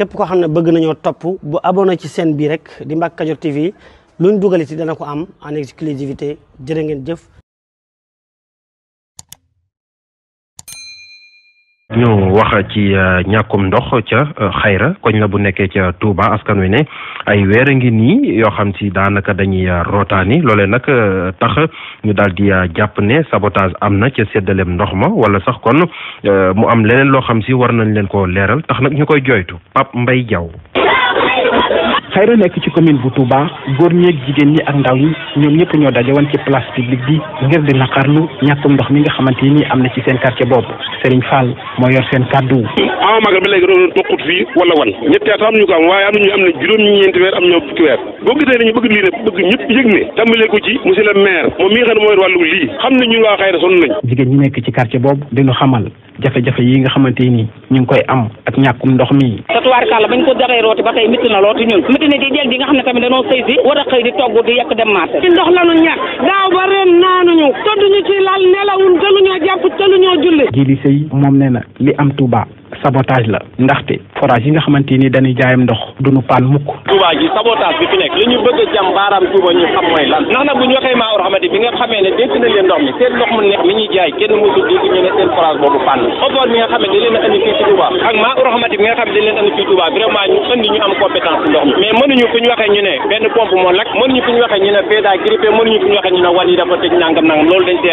képp koo xam ne bëgg nañoo topp bu abonné ci chaîne bi rek di Mbacke Kadior TV luñ dugal ci dana ko am en exclusivité jërë ngeen jëf. ñëw wax ci euh, ñàkkum ndox ca euh, xayra koñ la bu nekkee ca Touba askan wi ne ay weer a ngi nii yoo xam si daanaka dañuy euh, rootaani loole nag tax ñu daal di jàpp ne sabotage am na ca séddaleem ndox ma wala sax kon mu am leneen loo xam si war nañ leen ko leeral tax nag ñu koy jooytu Pape mbay Diaw Xayra nekk ci commune bu Touba góor ñeek jigéen ñi ak ndaw yi ñoom ñëpp ñoo daje woon ci place publique bi ngir di naqarlu ñàkkum ndox mi nga xamante ni am na ci seen quartier bopp Serigne Fall moo yor seen kàddu ama magal ba léegi doon toqut fii wala wan ñetti at am ñu ko am waaye am nañu am na juróom-ñeenti weer am ñoo fukki ko lii ne nekk ci quartier boobu dañu xamal jafe-jafe yi nga xamante ni ñu ngi koy am ak ñàkkum ndox mi satuwaar ba tey métti na looti ñun métti na di jël di nga xam ne tamit dañoo sëy si war a xëy di togg di yekk dem marché ci ndox lanu ñàkk daaw ba ren naanuñu tëdduñu ci lal nelawun tëluñoo jàpp tëluñoo julli ji li sëy moom nee na li am Touba sabotage la ndaxte forage yi nga xamante nii dañuy jaayam ndox duñu paan mukk Touba ji sabotage bi fi nekk li ñu bëgg jam baaraam Touba ñu xam mooy lan ndax nag bu ñu waxee maa rahmati bi nga xamee ne dénk na leen ndox mi seen ndox mu neex mi ñuy jaay kenn mosul dégg ñu ne seen forage boobu paan ofoor mi nga xam ne leen a fii ci ak maa rahmati bi nga xam ne leen andi fii Touba vraiment ñu andi ñu am compétence ndox mi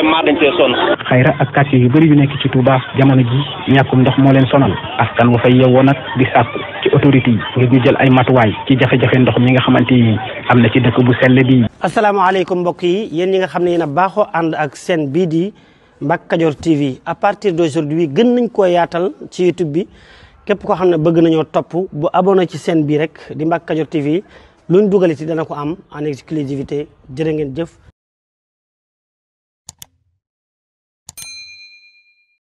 mais mënuñu nekk ci Touba jamono ji ñàkkum moo leen askan wa fa yeewoo nag ci autorité yi ngir jël ay matuwaay ci jafe-jafe ndox mi nga xamante ni am na ci dëkk bu sell bi. asalaamaaleykum mbokk yi yéen ñi nga xam ne yi a baaxoo ànd ak seen bii di Mbacke Kadior TV à partir d'aujourd'hui gën nañ ko yaatal ci YouTube bi képp koo xam ne bëgg nañoo topp bu abonné ci seen bii rek di Mbacke Kadior TV luñ dugal ci dana ko am en exclusivité jërë ngeen jëf.